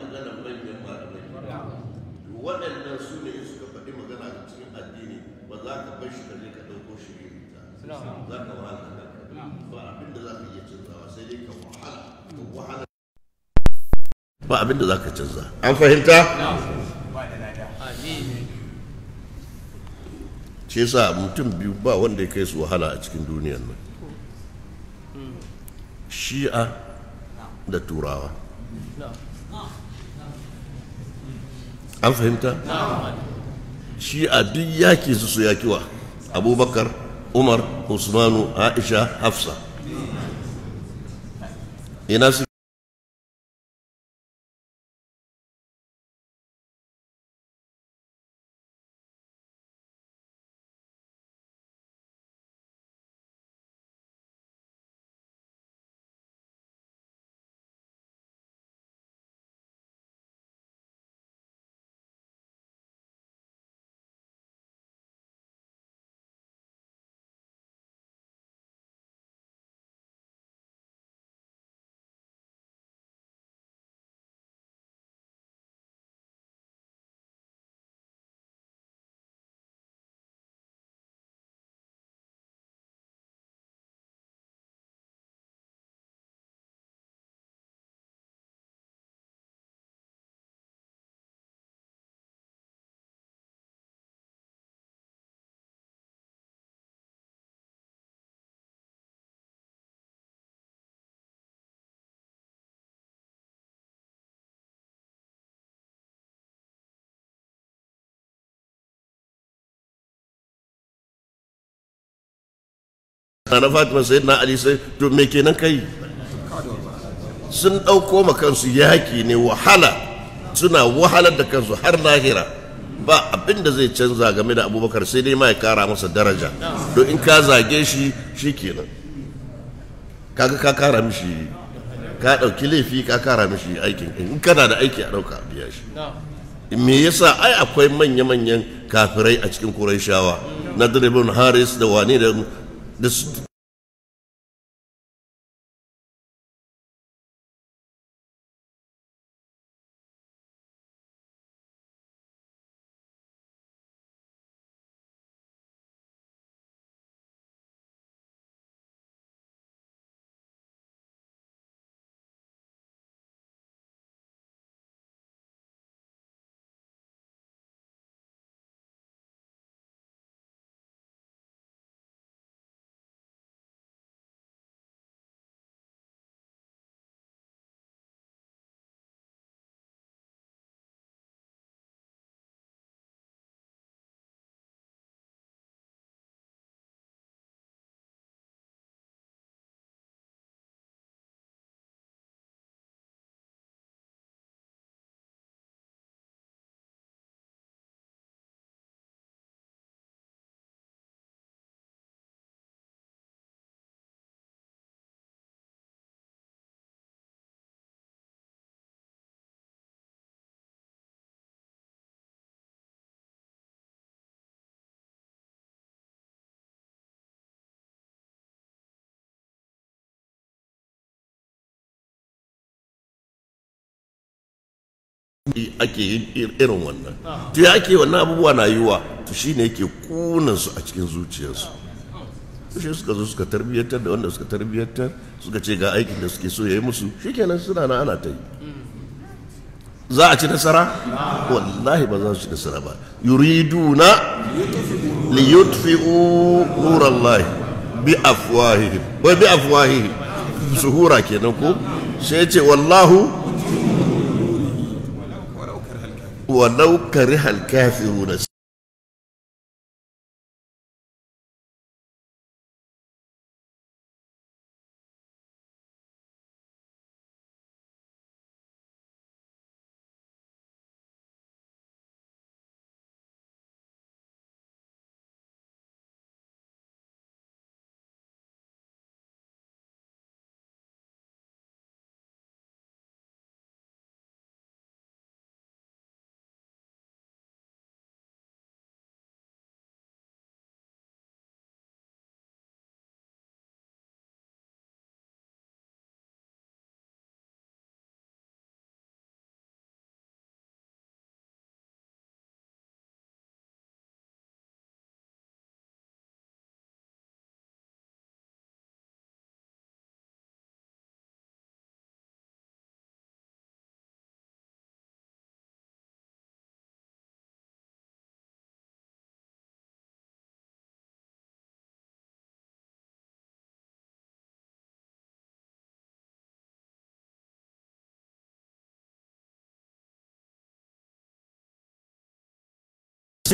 maganan manyan malamai waɗannan su ne suka faɗi magana a cikin addini ba za ka bar shi kaje ka ɗauko shi ne za ka wahala ba abinda za ka iya canzawa sai dai ka wahala ka wahala ba abinda za ka canza an fahimta shi yasa mutum biyu ba wanda ya kai su wahala a cikin duniyar nan shi'a da turawa an fahimta shi a duk yaki su su yakiwa abubakar umar usmanu aisha hafsa ina su na fatima sai na ali sai to me kenan kai sun ɗauko ma kansu yaki ne wahala suna wahalar da kansu har lahira ba abin da zai canza game da abubakar sai dai ma ya kara masa daraja to in ka zage shi shi kenan kaga ka kara mishi ka ɗauki laifi ka kara mishi aikin in kana da aiki a ɗauka a biya shi me yasa ai akwai manya-manyan kafirai a cikin kurai shawa na Ibn Haris da wani da this ake yin irin wannan to ya ake wannan abubuwa na yiwa to shine yake kunan su a cikin zuciyarsu shi suka zo suka tarbiyyantar da wanda suka tarbiyyantar suka ce ga aikin da suke so ya yi musu shikenan suna na ana ta yi za a ci nasara wallahi ba za su ci nasara ba yuriduna liyutfi'u nurallahi bi afwahihim wai bi afwahihim suhura kenan ko sai ce wallahu ولو كره الكافرون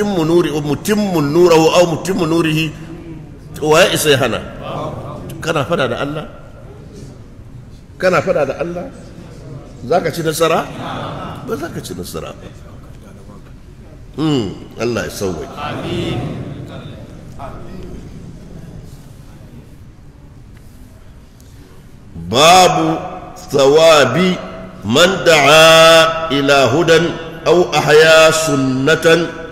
mutimmu nuri nurahu aw nurihi wa hana kana fada da Allah kana fada da Allah zaka ci nasara ba zaka ci nasara ba hmm, Allah ya sauwaki amin babu thawabi man da'a ila hudan aw ahya sunnatan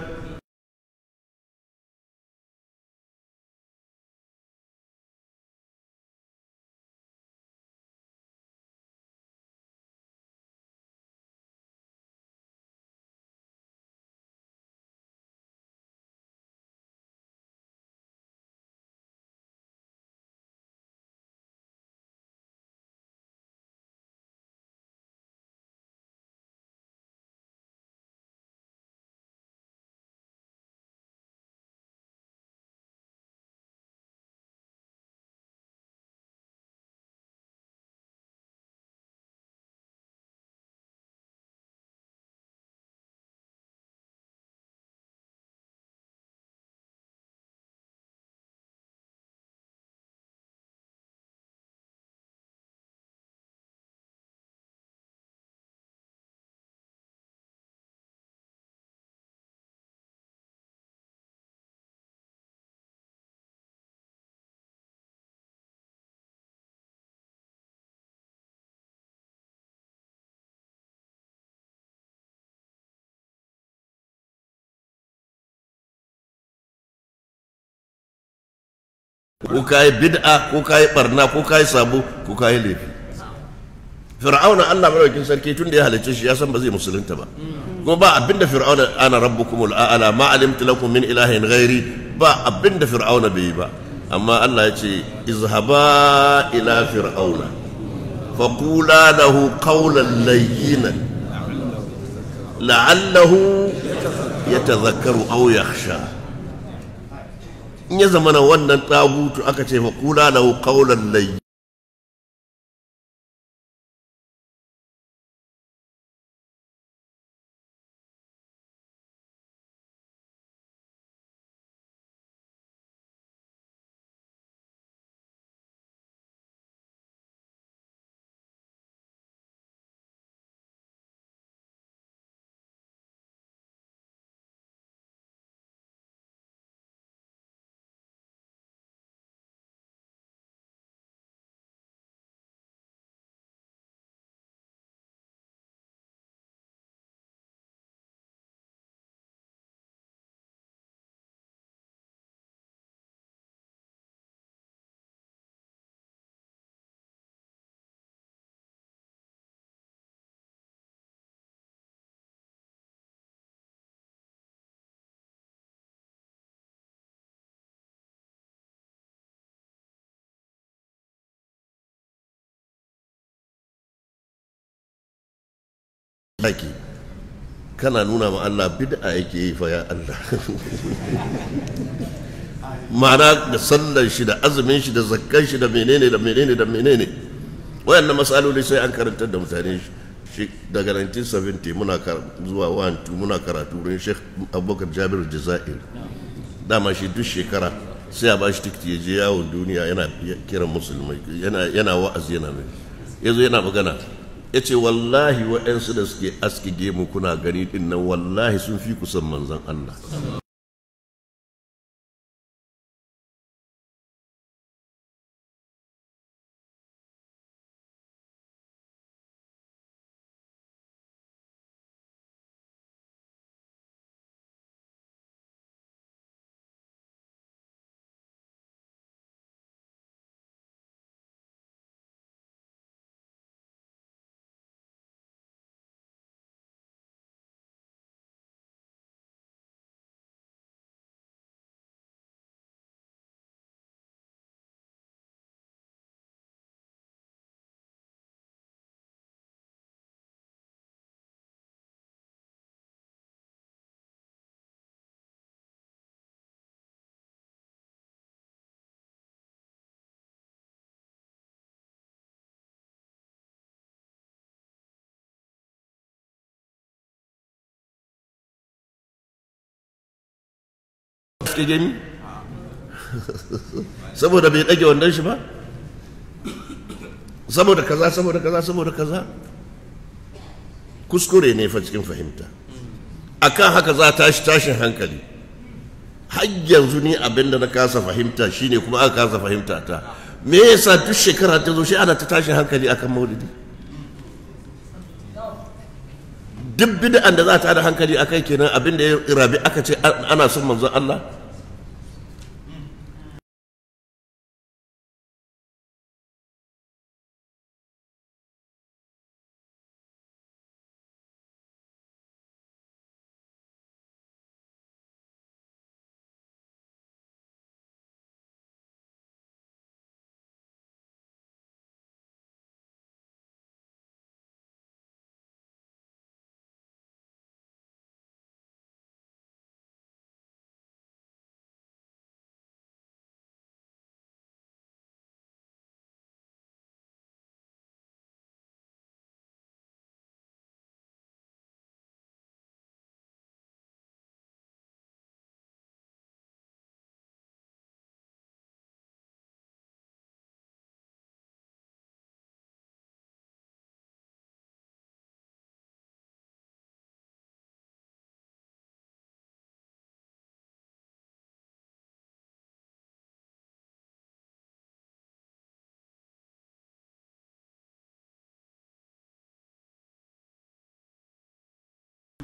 ko kayi bid'a ko ɓarna, barna ko kayi sabo ko kayi laifi fir'auna Allah madaukin sarki tun da ya halicce shi ya san ba zai musulunta ba ko ba abinda fir'auna ana rabbukumul a'la ma alimtu lakum min ilahin ghairi ba abinda fir'auna bai yi ba amma Allah ya ce izhaba ila fir'auna faqula lahu qawlan layyina la'allahu yatadhakkaru aw yakhsha in ya zamana wannan tagutu aka ce ma kula lahu qawlan layyin ake kana nuna ma Allah bid'a yake yi fa ya Allah ma'ana da sallar shi da azumin shi da zakkan shi da menene da menene da menene wayannan masaloli sai an karantar da mutane shi daga 1970 muna zuwa 12 muna karatu wurin Sheikh Abubakar Jabir Jazair dama shi duk shekara sai a ba shi tikiti ya je yawon duniya yana kiran musulmai yana wa'azi yana mai yazo yana magana ya ce wallahi waɗansu da suke aski gemu kuna gani ɗin nan wallahi sun fi kusan manzan Allah suke gemi saboda bai ɗage wannan shi ba saboda kaza saboda kaza saboda kaza kuskure ne fa cikin fahimta akan haka za tashi tashin hankali har yanzu ni abin da na kasa fahimta shine kuma aka kasa fahimta ta me yasa duk shekara ta zo shi ana ta tashin hankali akan maulidi duk bid'an da za ta da hankali akai kenan abin da ya rabi aka ce ana son manzon Allah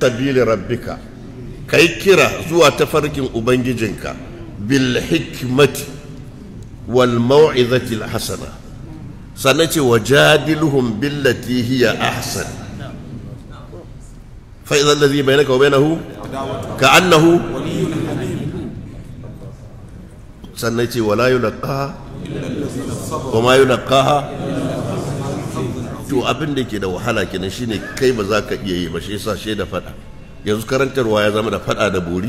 sabili rabbika kai kira zuwa tafarkin ubangijinka bil hikmati wal mau'izati hasana sannan ce wajadiluhum billati hiya ahsan fa idza alladhi bainaka wa bainahu sannan ce wala yulqa wa ma yulqaha to abin da ke da wahala kenan shine kai ba za ka iya yi ba shi yasa shaida faɗa yanzu karantarwa ya zama da faɗa da bori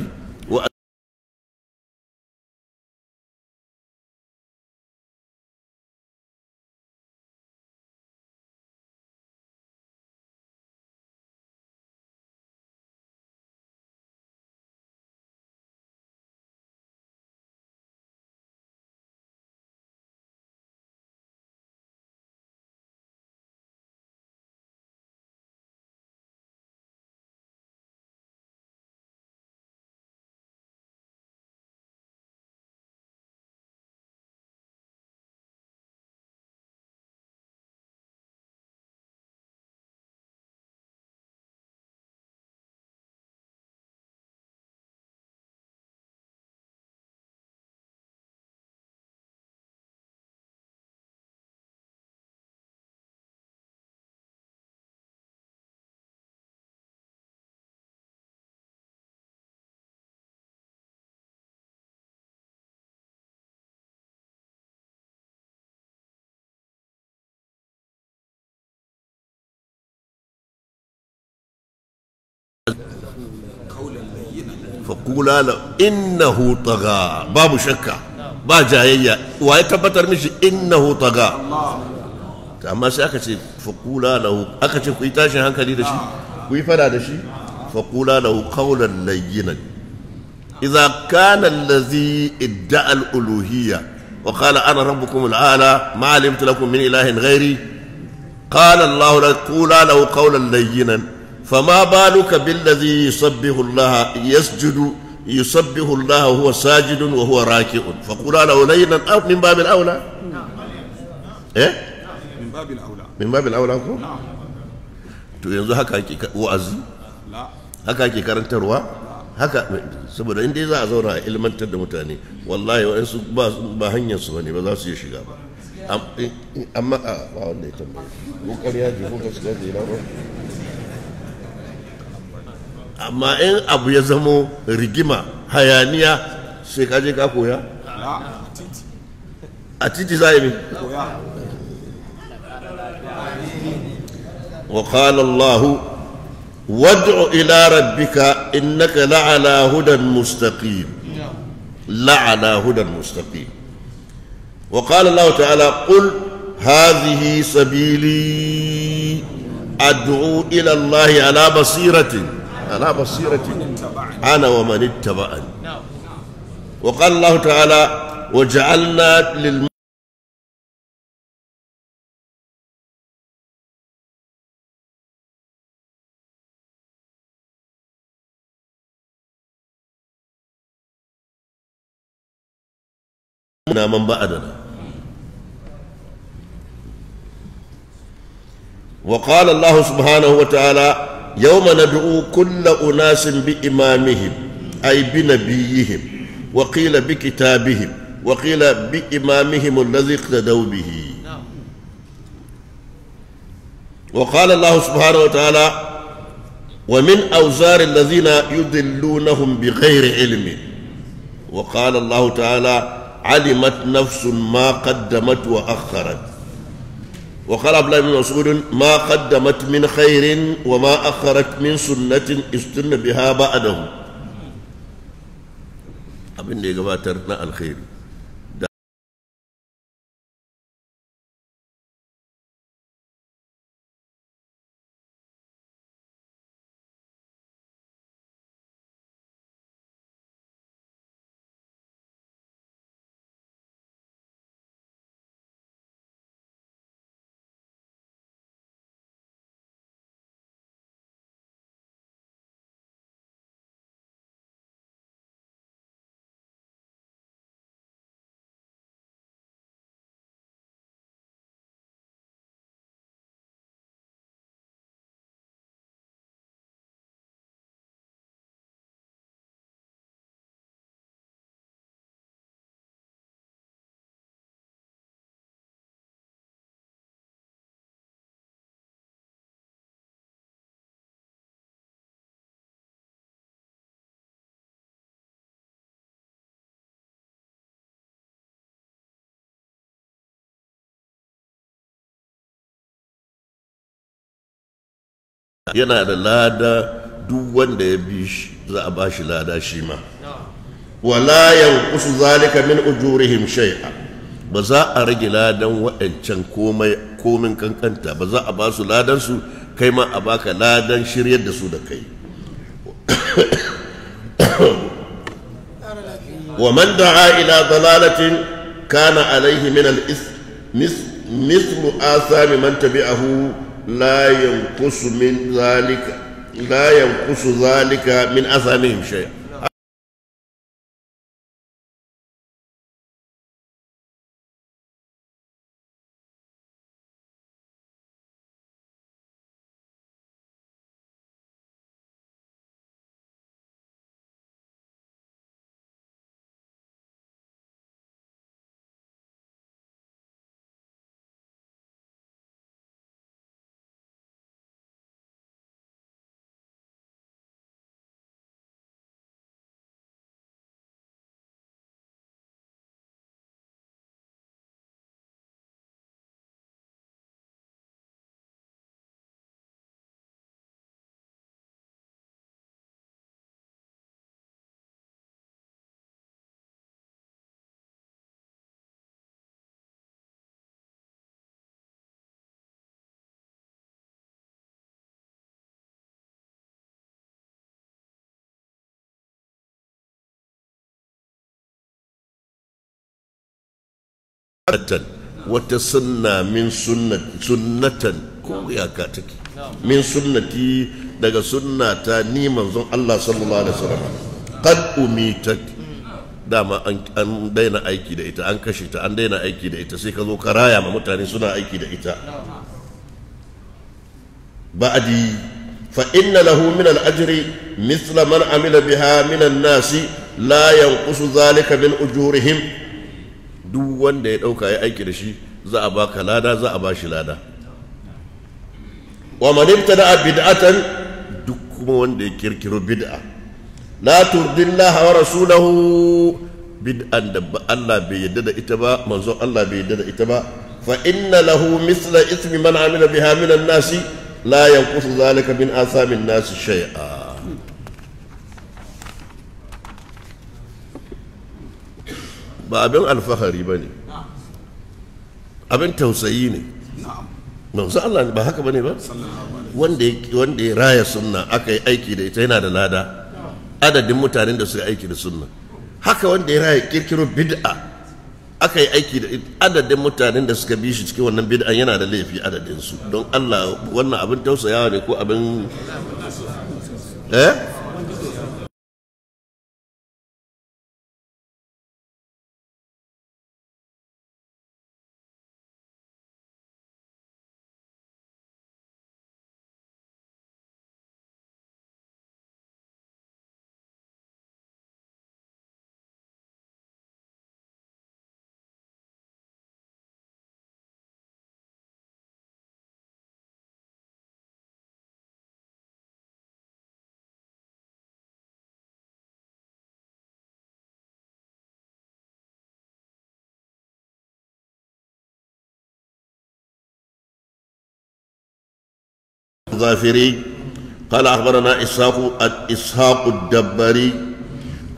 فقولا له إنه طغى باب شكا با جاية وهي تبتر مشي إنه طغى أما سأكتب فقولا له أكتب كيتاشي هنكا دي دشي كيفنا دشي فقولا له قولا لينا إذا كان الذي ادعى الألوهية وقال أنا ربكم العالى ما علمت لكم من إله غيري قال الله قولا له قولا لينا فما بالك بالذي يسبح الله يسجد يسبح الله هو ساجد وهو راكع فقل له لينا من باب الاولى eh min babil aula min babil aula ko to yanzu haka ake wa'azi haka ake karantarwa haka saboda in dai za a zauna a ilmantar da mutane wallahi wa'ansu ba hanyar su bane ba za su yi shiga amma a ba wanda ya tambaye ko ƙarya ji ko gaskiya ji ba amma in abu ya zamo rigima hayaniya sai kaje ka koya a titi za a yi wa qala allahu wad'u ila rabbika innaka la'ala hudan mustaqim la'ala hudan mustaqim wa qala allahu ta'ala qul hadhihi sabili ad'u ila allahi ala basiratin على بصيرة أنا ومن اتبعني وقال الله تعالى وجعلنا للم من بعدنا وقال الله سبحانه وتعالى يوم ندعو كل أناس بإمامهم أي بنبيهم وقيل بكتابهم وقيل بإمامهم الذي اقتدوا به وقال الله سبحانه وتعالى ومن أوزار الذين يدلونهم بغير علم وقال الله تعالى علمت نفس ما قدمت وأخرت وقال عبد الله بن مسعود ما قدمت من خير وما أخرت من سنة استن بها بعده abin da ya gabatar na alkhairi yana da lada duk wanda ya bi shi za a ba shi lada shi ma wala kusu zalika min ujurihim shay'a ba za a rage ladan waɗancan komai komin kankanta ba za a ba su ladan su kai ma a baka ladan shiryar da su da kai wa man da'a ila dalalatin kana alaihi min al-ism mislu asami man tabi'ahu layan kusu zalika min azamihim shay'a bid'atan wata sunna min sunnatan ko ya ka take min sunnati daga sunnata ni manzon Allah sallallahu alaihi wasallam qad umitat dama an daina aiki da ita an kashe ta an daina aiki da ita sai ka zo ka raya ma mutane suna aiki da ita ba'di fa inna lahu min al-ajri mithla man amila biha min an-nasi la yanqusu dhalika min ujurihim duk wanda ya ɗauka ya aiki da shi za a baka lada za a bashi lada wa da ibtada'a bid'atan duk kuma wanda ya kirkiro bid'a la laha wa rasulahu bid'an da Allah bai yadda da ita ba manzon Allah bai yadda da ita ba fa inna lahu mithla ismi man amila biha min an-nasi la yanqusu zalika min asamin nasi shay'a ba abin alfahari ba ne abin tausayi ne manzo Allah ba haka ba ne ba wanda ya raya sunna aka yi aiki da ita yana da lada adadin mutanen da suka aiki da sunna haka wanda ya raya kirkiro bid'a aka yi aiki da adadin mutanen da suka bi shi cikin wannan bid'an yana da laifi adadinsu don Allah wannan abin tausayawa ne ko abin eh الظافري قال أخبرنا إسحاق إسحاق الدبري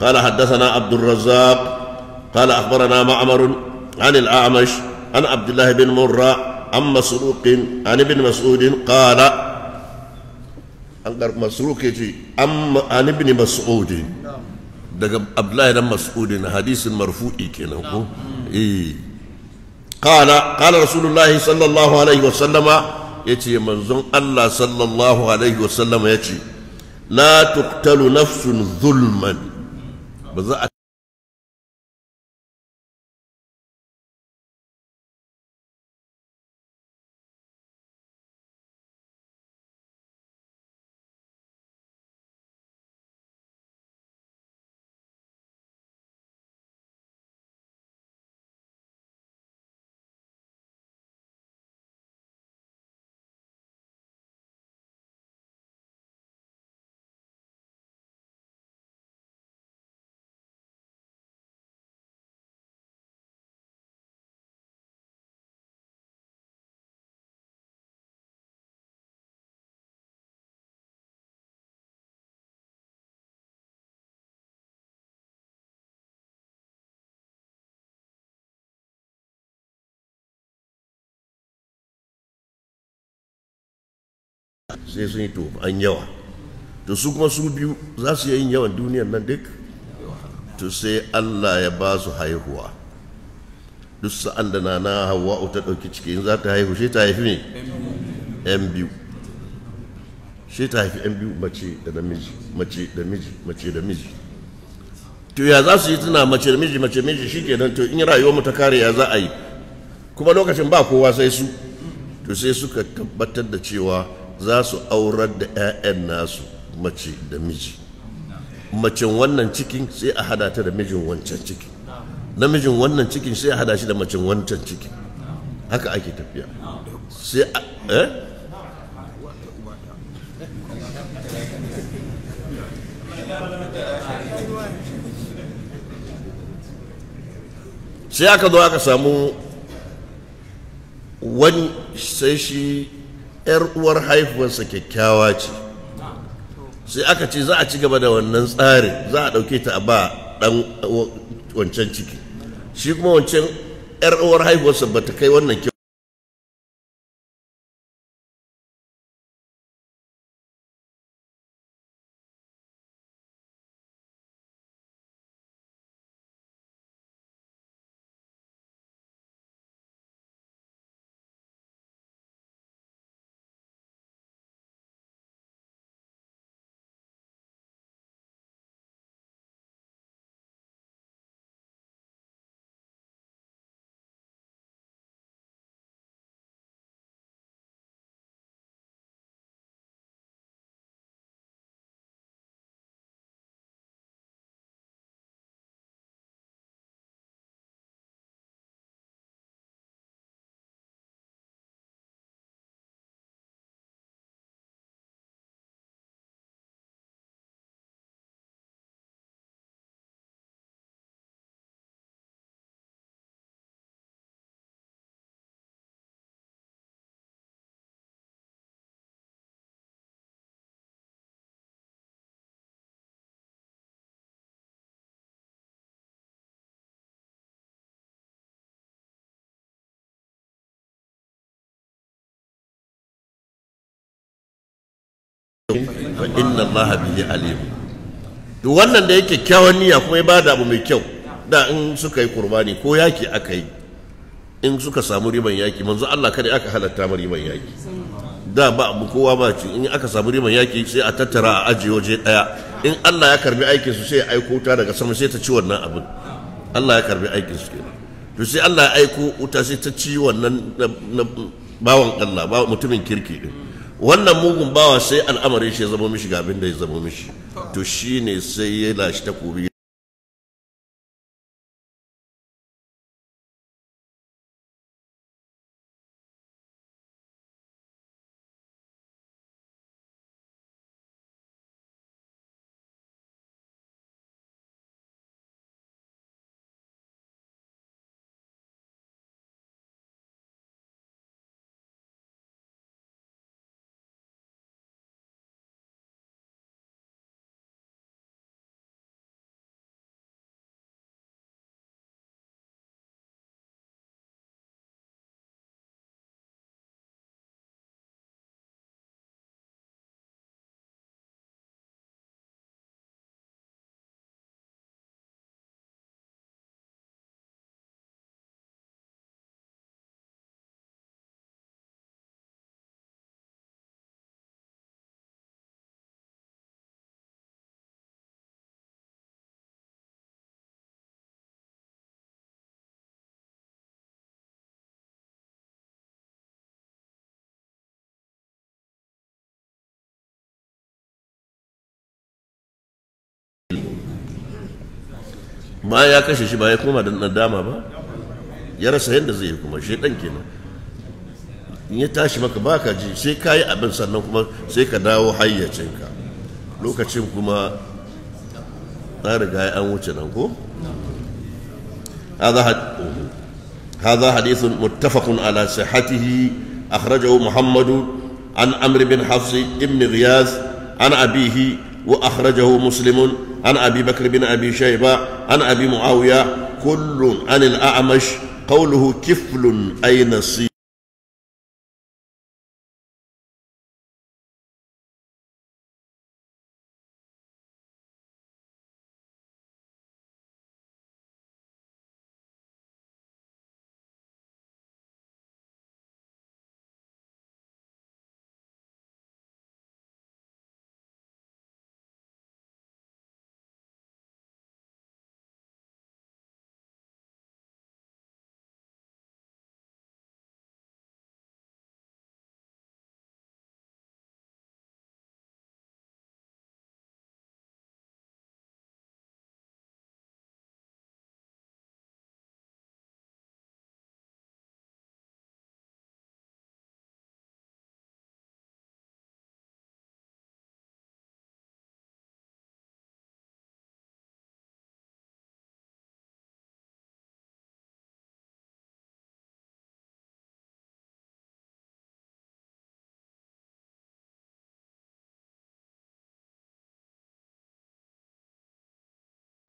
قال حدثنا عبد الرزاق قال أخبرنا معمر عن الأعمش عن عبد الله بن مرة عن مسروق عن ابن مسعود قال مسروق أم عن ابن مسعود daga abdullahi dan mas'udin hadisin marfu'i kenan ko eh qala qala rasulullahi sallallahu alaihi wasallama ya ce manzon Allah sallallahu alaihi wasallam yace la tuqtalu nafsun zulman ba za a sai sun yi to an yawa to su kuma sun biyu za su yi yawan duniyan nan duk to sai Allah ya ba su haihuwa duk sa'an da nana hawa'u ta ɗauki ciki in za ta haihu shi ta haifi ne yan biyu shi ta haifi yan biyu mace da namiji mace da miji mace da miji to ya za su yi tuna mace da miji mace miji shi kenan to in rayuwar mu ta kare ya za a yi kuma lokacin ba kowa sai su to sai suka tabbatar da cewa za su aurar da 'ya'yan nasu mace da miji macen wannan cikin sai a hada ta da mijin wancan cikin namijin wannan cikin sai a hada shi da macen wancan cikin haka ake tafiya sai a eh? sai aka zo aka samu wani sai shi 'yar uwar haifuwarsa kyakkyawa ce sai aka ce za a ci gaba da wannan tsarin za a ɗauke ta a ba ɗan wancan ciki shi kuma wancan 'yar uwar haifuwarsa ba ta kai wannan kyau inna Allah bihi alim to wannan da yake kyawun niyya kuma ya bada abu mai kyau da in suka yi qurbani ko yaki aka yi in suka samu riban yaki manzo Allah kada aka halatta ma riban yaki da ba abu kowa ba ci in aka samu riban yaki sai a tattara a aje waje daya in Allah ya karbi aikin su sai ya aiko ta daga sama sai ta ci wannan abin Allah ya karbi aikin su kenan to sai Allah ya aiko wuta sai ta ci wannan bawan Allah ba mutumin kirki din wannan mugun bawa sai al'amarin shi ya zama mishi ga abin da ya zama mishi to shi ne sai ya lashi takobi ma ya kashe shi ba ya koma da nadama ba ya rasa yadda zai yi kuma shedan kenan in ya tashi maka baka ji sai ka yi abin sannan kuma sai ka dawo hayyacinka lokacin kuma na riga an wuce nan ko هذا حديث متفق على صحته أخرجه محمد عن أمر بن حفص بن غياث عن أبيه وأخرجه مسلم عن أبي بكر بن أبي شيبة عن أبي معاوية كل عن الأعمش قوله كفل أي نصير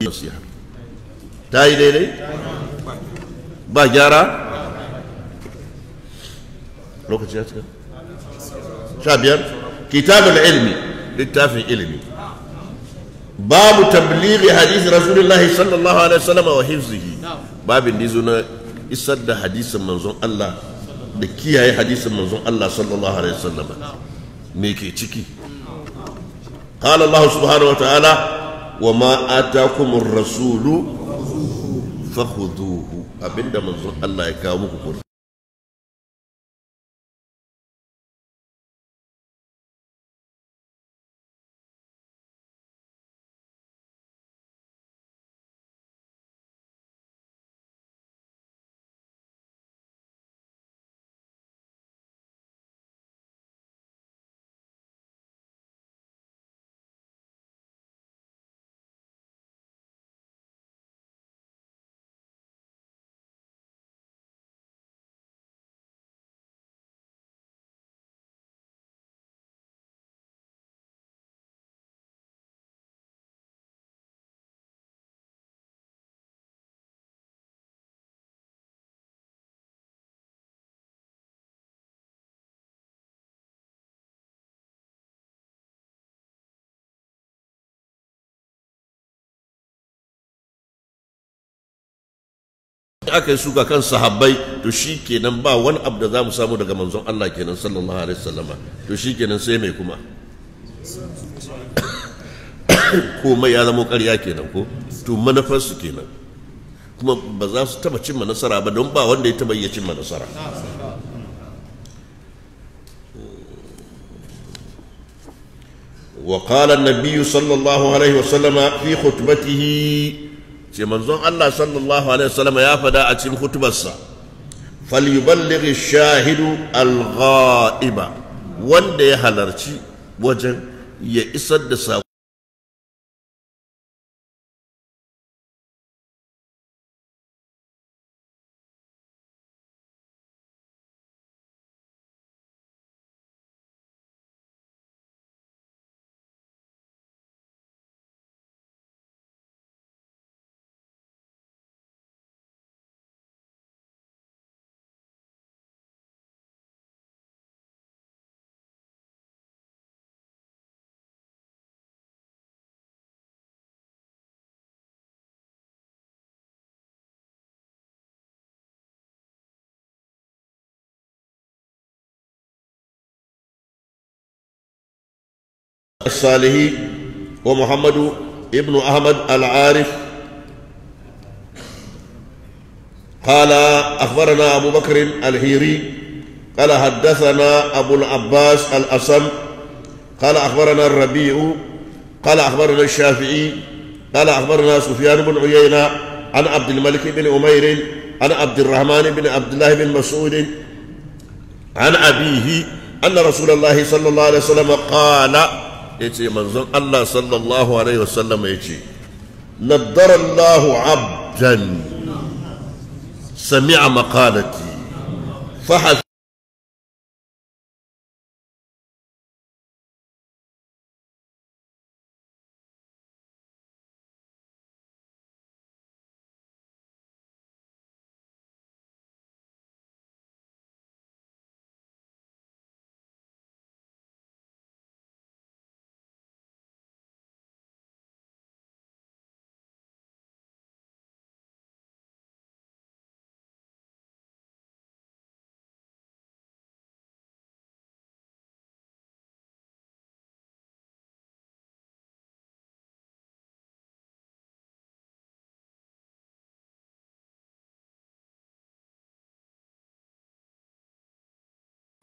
nasiha ta yi daidai ba gyara lokaci ya cika sha biyar kitabul ilmi littafin ilimi babu tablighi hadisi rasulullahi sallallahu alaihi wasallam wa hifzihi babin dizo na isar da hadisin manzon Allah da kiyaye hadisin manzon Allah sallallahu alaihi wasallam me ke ciki قال الله سبحانه وتعالى wa ma atakumur rasulu fakhudhuhu abinda manzon Allah ya kawo muku aka yi suka kan sahabbai to shi kenan ba wani abu da za mu samu daga manzon Allah kenan sallallahu alaihi wasallama to shi kenan sai mai kuma komai ya zama ƙarya kenan ko to manufarsu kenan kuma ba za su taba cimma nasara ba don ba wanda ya taba iya cimma nasara qala an صلى sallallahu alaihi wasallama fi khutbatihi ce manzon Allah sallallahu alaihi wasallam ya fada a cikin hutubarsa falyuballighi shahidu al-ghaiba wanda ya halarci wajen ya isar da sako الصالحي ومحمد ابن أحمد العارف قال أخبرنا أبو بكر الهيري قال حدثنا أبو العباس الأصم قال أخبرنا الربيع قال أخبرنا الشافعي قال أخبرنا سفيان بن عيينة عن عبد الملك بن أمير عن عبد الرحمن بن عبد الله بن مسعود عن أبيه أن رسول الله صلى الله عليه وسلم قال ya ce manzon Allah sallallahu alaihi wasallam ya ce naddarallahu abdan sami'a maqalati fa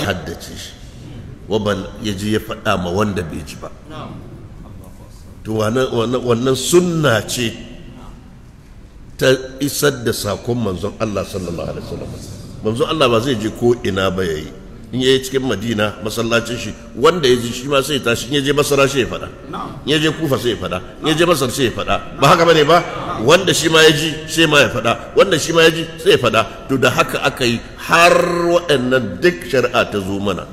haddace shi wa ya ji ya faɗa ma wanda bai ji ba to wannan sunna ce ta isar da sakon manzon Allah sallallahu alaihi wasallam manzon Allah ba zai je ko ina ba yayi in yi cikin madina masallacin shi wanda ya ji shi ma sai tashi ya je masara sai ya faɗa ya je kufa sai ya faɗa ya je masar sai ya faɗa ba haka bane ba wanda shi ma ya ji sai ma ya faɗa wanda shi ma ya ji sai ya faɗa to da haka aka yi har waɗannan duk shari'a ta zo mana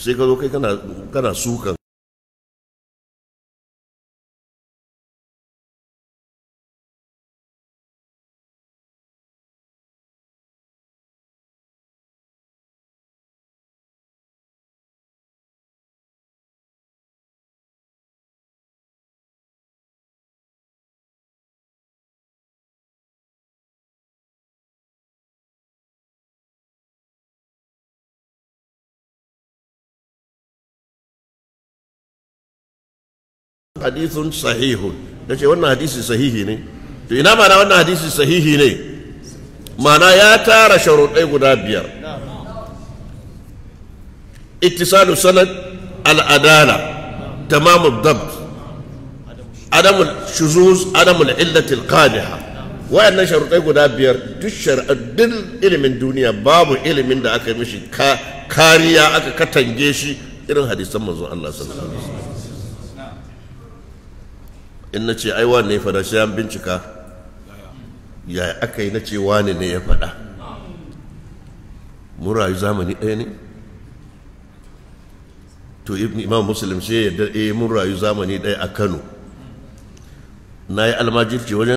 sai ka zo kai kana kana sukan hadithun sahihun da ce wannan hadisi sahihi ne to ina mana wannan hadisi sahihi ne mana ya tara sharuɗai guda biyar ittisalu sanad al'adala tamamu dabt adamul shuzuz adamul illatil qadiha wayannan sharuɗai guda biyar duk duk ilimin duniya babu ilimin da aka yi mishi kariya aka katange shi irin hadisan manzon Allah sallallahu alaihi wasallam in na ce ai ne ya faɗa an bincika ya aka yi na ce wani ne ya faɗa mun rayu zamani ɗaya ne to imam muslim sai ya yarda murayu eh, mun rayu zamani ɗaya a kano na yi almajirci wajen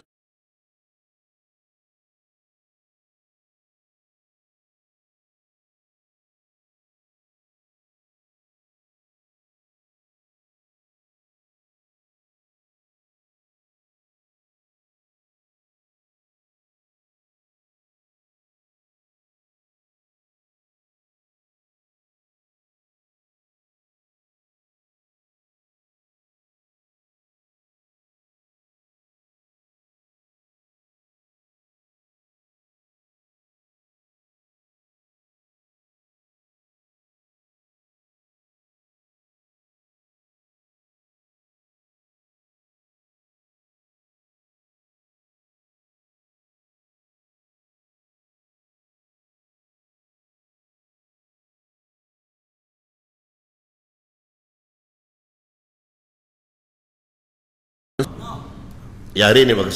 yare ne baka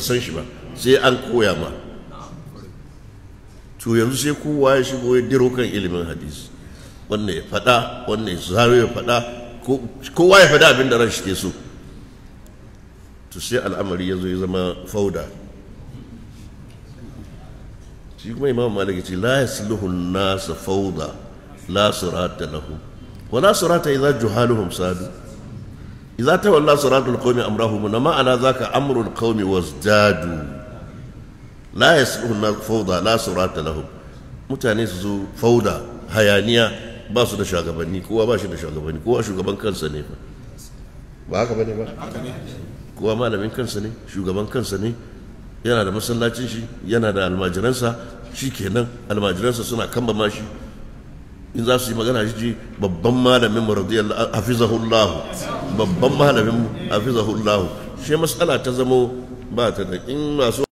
san shi ba sai an koya ma to yanzu sai kowa ya shigo ya diro kan ilimin hadisi wannan ya faɗa wannan ya zaro ya faɗa kowa ya fada abin da ran shi ke so to sai al'amari ya zo ya zama fauda shi kuma imam malik ce la yasluhu an-nas fawda la sirata lahu wa la sirata idza juhaluhum sadu idza tawalla siratul qaumi amrahum na ma'ana zaka amrul qaumi wasdadu la yasluhu na fawda la sirata lahum mutane su zo fauda hayaniya ba su da shagabanni kowa ba shi da shagabanni kowa shugaban kansa ne fa ba haka ne ba kowa malamin kansa ne shugaban kansa ne yana da masallacin shi yana da almajiransa shi kenan almajiransa suna kamba mashi in za su yi magana shi babban malamin mu radiyallahu hafizahullahu babban malamin mu hafizahullahu shi matsala ta zamo ba ta da in masu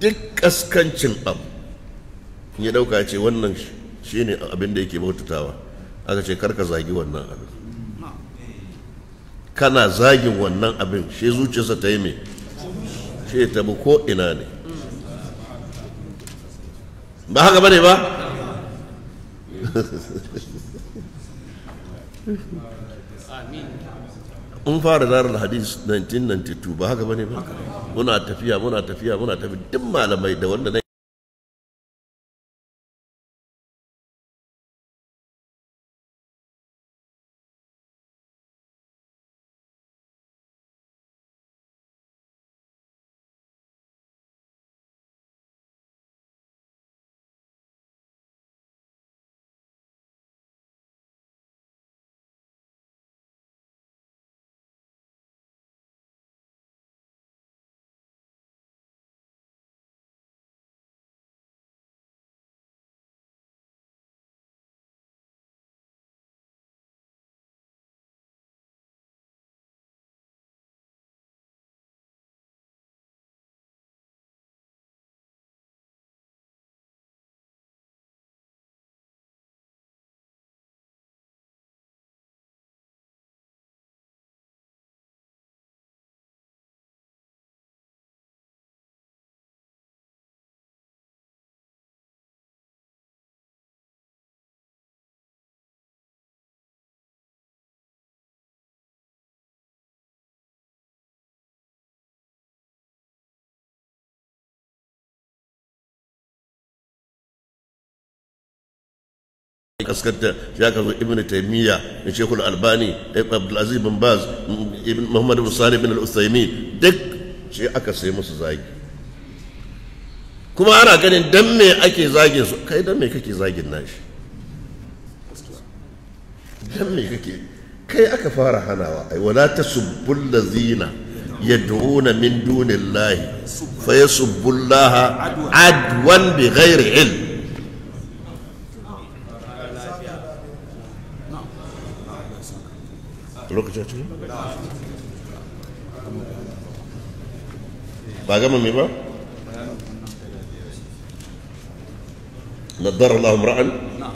duk kaskancin abu ya dauka ce wannan shi ne abin da yake bautatawa aka ce karka zagi wannan abin kana zagin wannan abin shi zuciyarsa ta yi mai shi ta bi ko ina ne ba haka bane ba in fara darar hadis 1992 ba haka bane ba muna tafiya muna tafiya muna tafi duk malamai da wanda kaskanta ya ka ibn taymiya da shekul albani da abdulaziz bin baz ibn muhammad bin salih bin al-usaymin duk shi aka sai musu zagi kuma ana ganin dan me ake zagin su kai dan me kake zagin nashi dan me kake kai aka fara hanawa ai wala tasubbul ladzina yad'una min dunillahi fa yasubbullaha adwan bighairi ilm lokacin ciki ba gama mai ba نضر الله امرأ